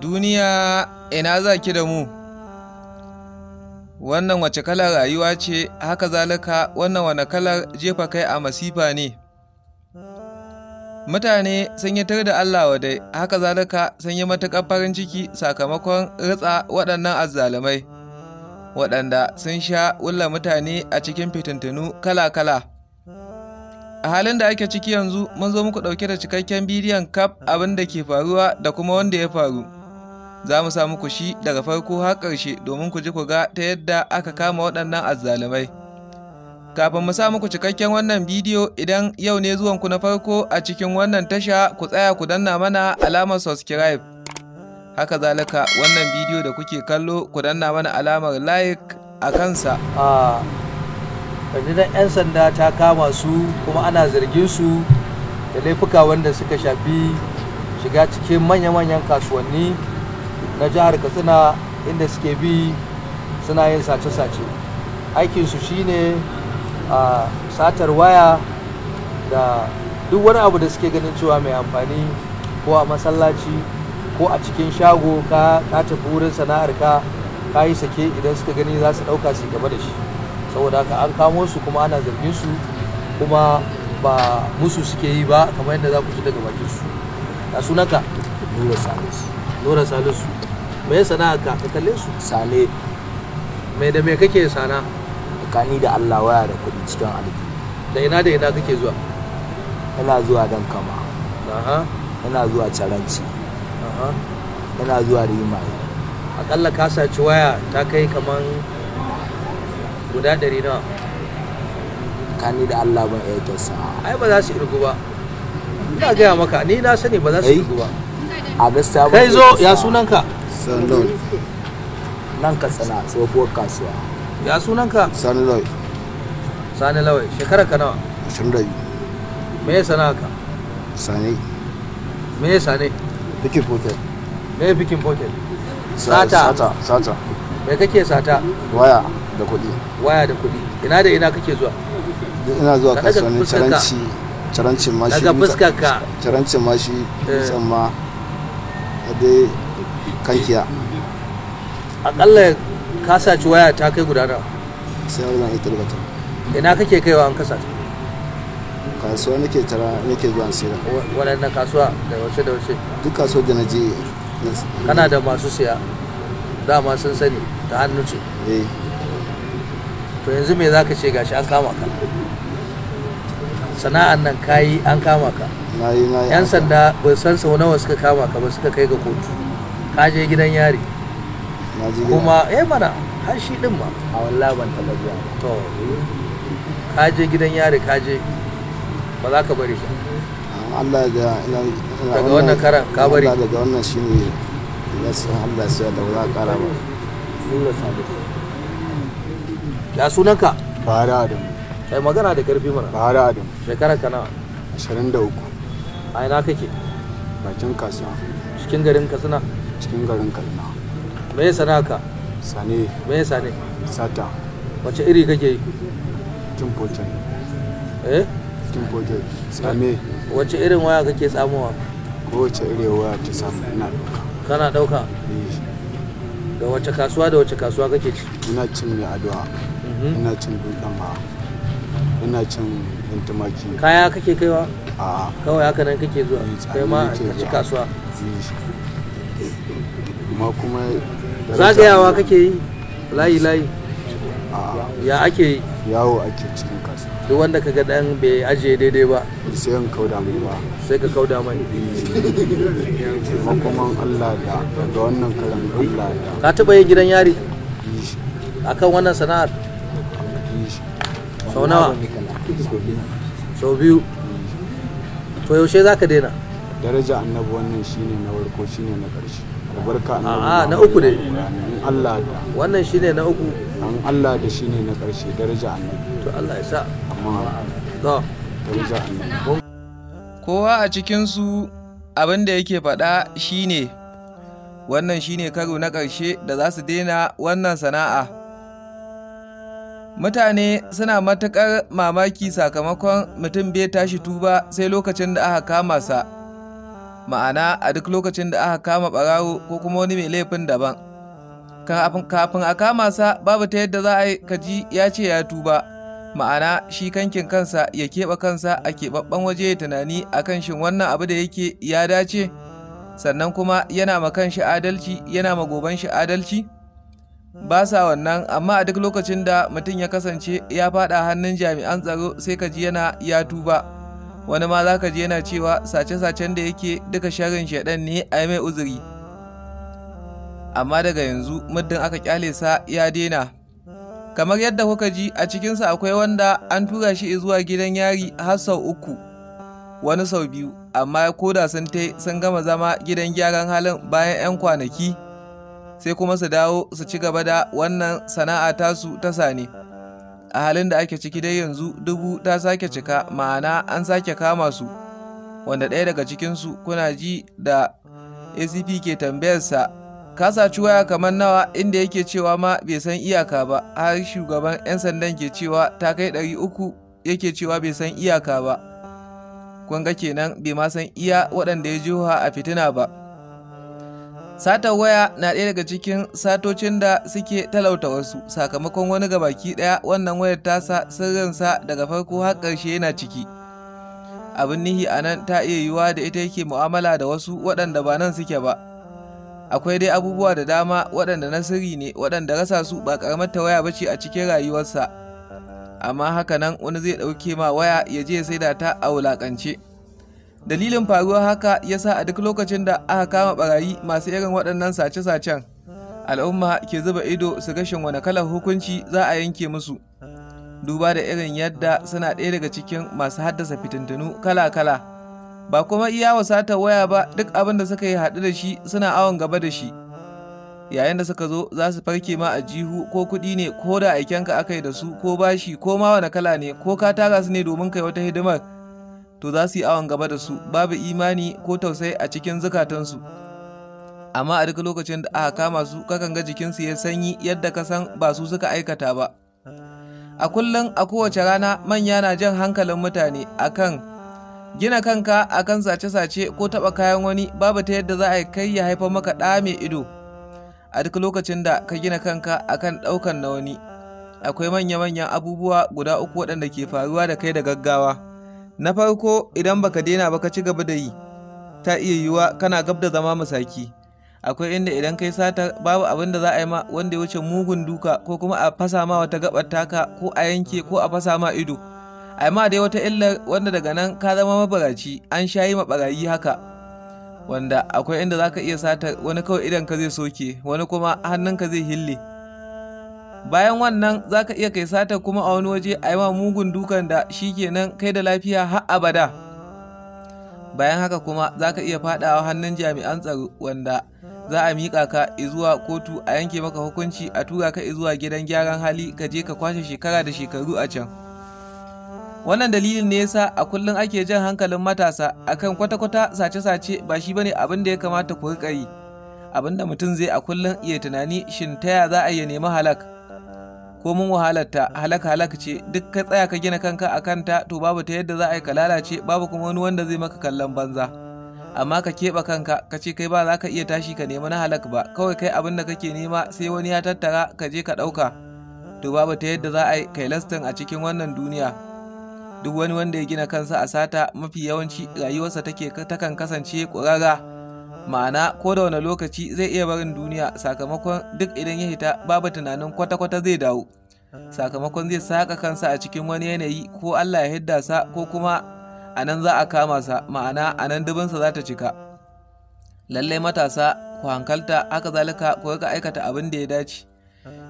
duniya ina za ki da mu wannan wace kalar rayuwa ce haka zalika wannan wane kalar jefa kai a masifa ne mutane sun yi tar da Allah wadai haka zalika sun yi matuƙar farin ciki sakamakon ritsa waɗannan azzalumai waɗanda sun sha wulla mutane a cikin fitintunu kala-kala A halin da ake ciki yanzu mun zo muku ɗauke da cikakken bidiyon kaf abin da ke faruwa da kuma wanda ya faru. Za mu sa muku shi daga farko har ƙarshe domin ku ji ku ga ta yadda aka kama waɗannan azzalumai. Kafin mu sa muku cikakken wannan bidiyo idan yau ne zuwan ku na farko a cikin wannan tasha ku tsaya ku danna mana alamar subscribe. Haka zalika wannan bidiyo da kuke kallo ku danna mana alamar like a kansa. Ah. rundunar 'yan sanda ta kama su kuma ana zargin su da laifuka wanda suka shafi shiga cikin manya-manyan kasuwanni na jihar katsina inda suke bi suna yin sace-sace aikinsu shine a satar waya da duk wani abu da suke ganin cewa mai amfani ko a masallaci ko a cikin shago ka tafi wurin sana'arka ka yi sake idan suka gani za su ɗauka su gaba da shi saboda haka an kamo su kuma ana zargin su kuma ba musu suke yi ba kamar yadda za ku ji daga bakin su a sunaka nura salisu nura salisu me sana ka ka kalle su sale me da me kake sana kani da Allah waya da kuɗi cikin aljihu da ina da ina kake zuwa ina zuwa dan kama aha ina zuwa caranci aha ina zuwa rimaye akalla ka saci waya ta kai kaman guda dari nawa kani da Allah ban ayyukan sa ai ba za su irgu ba ina gaya maka ni na sani ba za su irgu ba a gaskiya ba kai zo ya sunanka sanloy nan ka tsana tsohuwar kasuwa ya sunanka sanloy sani lawai ka nawa 22 me ya sana ka sani me ya sane pikin potel me ya pikin sata sata sata me kake sata waya da kuɗi waya da kuɗi ina da ina kake zuwa ina zuwa kasuwannin caranci carancin mashi daga fuska ka carancin mashi tsamma eh. a dai kankiya akalla ka saci waya ta kai guda nawa sai wani zan ita ta. ina kake kaiwa an kasa kasuwa nake tara nake zuwa sira waɗanne kasuwa da wace da wace duk kasuwar da na je kana da masu siya dama sun sani ta hannu ce eh to yanzu me za ka ce gashi an kama ka sana'an nan kayi an kama ka yan sanda ba san sau nawa suka kama ka ba suka kai ga kotu ka je gidan yari kuma eh mana har shi din ma a wallahi ban taba ba? to ka je gidan yari ka je ba za ka bari ba ah, Allah ya daga wannan karan ka bari daga wannan shine Allah ya sa da za ka kara ba ya sunanka Bari adamu kai magana da karfi mana Bari adamu shekara ka nawa 23 a ina kake bakin kasuwa cikin garin katsina cikin garin katsina me ya sana ka sane me ya sane sata wace iri kake yi tin pochen eh tin pochen same wace irin waya kake samowa kowace irin waya ta samu ina dauka kana dauka eh. da wace kasuwa da wace kasuwa kake ci ina cin mai addu'a Mhm. ina cin dutsen ma ina cin intimaki kaya kake kaiwa a kawai haka nan kake zuwa kai ma ka ci kasuwa ma kuma zagayawa kake yi layi layi ya ake yi yawo ake cikin kasuwa duk wanda ka ga dan bai ajiye daidai ba sai in kauda mai ba sai ka kauda mai makoman Allah da wannan karan Allah da ka taba yin gidan yari akan wannan sana'ar sau nawa sau biyu to yaushe za ka daina daraja annabi wannan shine na farko shine na karshe. albarka na uku ne Allah da wannan shine na uku an Allah da shine na karshe daraja annabi to Allah ya sa amma to daraja annabi kowa a cikin su abin da yake faɗa shine wannan shine karo na ƙarshe da za su daina wannan sana'a mutane suna matuƙar mamaki sakamakon mutum bai tashi tuba sai lokacin da aka kama sa ma'ana a duk lokacin da aka kama ɓarawo ko kuma wani mai laifin daban kafin a kama sa babu ta yadda za a yi kaji ya ce ya tuba ma'ana shi kankin kansa ya keɓa kansa a keɓaɓɓen waje ya tunani a kan shin wannan abu da yake ya dace sannan kuma yana ma kanshi adalci yana ma goban shi adalci ba sa wannan amma a duk lokacin da mutum ya kasance ya fada hannun jami'an tsaro sai ka ji yana ya tuba wani ma za ka ji yana cewa sace-sacen da yake duka sharin shaɗan ne a mai uzuri amma daga yanzu muddin aka kyale sa ya daina kamar yadda kuka ji a cikinsa akwai wanda an tura shi zuwa gidan yari har sau uku wani sau biyu amma ko da sun sun gama zama gidan gyaran halin bayan 'yan kwanaki sai kuma su dawo su ci gaba da wannan sana'a tasu ta sane a halin da ake ciki dai yanzu dubu ta sake cika ma'ana an sake kama su wanda ɗaya daga cikinsu kuna ji da acp ke tambayarsa kasa ciwaya kamar nawa inda yake cewa ma bai san iyaka ba har shugaban 'yan sandan ke cewa ta kai ɗari uku yake cewa bai san iyaka ba kun kenan bai ma san iya waɗanda ya jiho a fitina ba Satar waya na ɗaya daga cikin satocin da suke talauta wasu sakamakon wani ga baki ɗaya wannan wayar tasa sirrinsa daga farko har ƙarshe yana ciki. Abin nihi a nan ta iya yiwuwa da ita yake mu'amala da wasu waɗanda ba nan suke ba. Akwai dai abubuwa da dama waɗanda na sirri ne waɗanda rasa su ba ƙaramar ta waya ba ce a cikin rayuwarsa. Amma haka nan wani zai ɗauke ma waya ya je ya saida ta a wulaƙance. dalilin faruwar haka ya sa a duk lokacin da aka kama barayi masu irin waɗannan sace-sacen al'umma ke zuba ido su gashin wani kalar hukunci za a yanke musu duba da irin yadda suna ɗaya daga cikin masu haddasa fitintunu kala-kala ba kuma iya wasata waya ba duk abin da suka yi haɗu da shi suna awon gaba da shi yayin da suka zo za su farke ma a jihu ko kuɗi ne ko da aikenka aka yi da su ko bashi ko ma wani kala ne ko ka tara su ne domin kai wata hidimar to za su yi awon gaba da su babu imani ko tausayi a cikin zukatansu amma a duk lokacin da aka kama su kakan ga jikinsu ya sanyi yadda ka san ba su suka aikata ba a kullum a kowace rana manya na jan hankalin mutane akan gina kanka akan sace-sace ko taba kayan wani babu ta yadda za a kai ya haifar maka ɗa mai ido a duk lokacin da ka gina kanka akan ɗaukan na wani akwai manya-manyan abubuwa guda uku waɗanda ke faruwa da kai da gaggawa na farko idan baka daina ba ka ci gaba da yi ta iya yiwuwa kana gab da zama masaki akwai inda idan kai sata babu abin da za a yi ma wanda ya wuce mugun duka ko kuma a fasa ma wata gabar taka ko a yanke ko a fasa ma ido ma dai wata illar wanda daga nan ka zama mabaraci an sha shayi mabarayi haka wanda akwai inda za ka iya sata wani kawai idan ka zai soke wani kuma hannunka zai hille bayan wannan za ka iya kai sata kuma a wani waje a yi ma mugun dukan da shi nan kai da lafiya har abada bayan haka kuma za ka iya fadawa hannun jami'an tsaro wanda za a miƙa ka izuwa kotu a yanke maka hukunci a tura ka zuwa gidan gyaran hali ka je ka kwashe shekara da shekaru a can wannan dalilin ne yasa a kullum ake jan hankalin matasa akan kwata-kwata sace-sace ba shi bane abin da ya kamata ku riƙa yi abin mutum zai a kullum iya tunani shin ta ya za a iya nemi halak ko mun wahalarta halaka halaka ce duk ka tsaya ka gina kanka a kanta to babu ta yadda za a yi ka lalace babu kuma wani wanda zai maka kallon banza amma ka keɓe kanka ka ce kai ba za ka iya tashi ka nemi na halak ba kawai kai abin da kake nema sai wani ya tattara ka je ka ɗauka to babu ta yadda za a yi kai lastin a cikin wannan duniya duk wani wanda ya gina kansa a sata mafi yawanci rayuwarsa take kan kasance ƙurara ma'ana ko da wani lokaci zai iya barin duniya sakamakon duk idan ya hita babu tunanin kwata-kwata zai dawo sakamakon zai saka kansa a cikin wani yanayi ko allah ya hidda sa ko kuma a nan za a kama sa ma'ana a nan dubinsa za ta cika lallai matasa ku hankalta haka zalika ku rika aikata abin da ya dace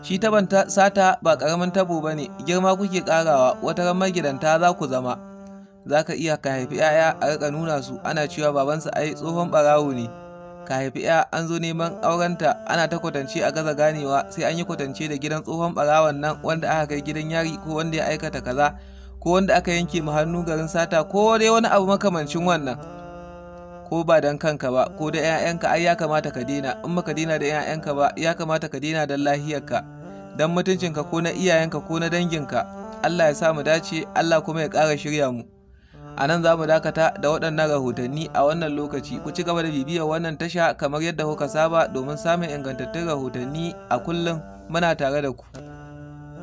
shi taban sata ba karamin tabo ba ne girma kuke karawa wata ran magidanta za ku zama za ka iya ka haifi 'ya'ya a rika nuna su ana cewa babansa ai tsohon barawo ne ka haifi ya an zo neman aurenta ana ta kwatance a gaza ganewa sai an yi kwatance da gidan tsohon barawan nan wanda aka kai gidan yari ko wanda ya aikata kaza ko wanda aka yanke mu hannu garin sata ko dai wani abu makamancin wannan ko ba dan kanka ba ko da 'ya'yanka ai ya kamata ka daina in baka dina da 'ya'yanka ba ya kamata ka daina da lahiyarka dan mutuncinka ko na iyayenka ko na danginka Allah ya sa mu dace Allah kuma ya ƙara shirya mu a nan za mu dakata da waɗannan rahotanni a wannan lokaci ku ci gaba da bibiyar wannan tasha kamar yadda kuka saba domin samun ingantattun rahotanni a kullum muna tare da ku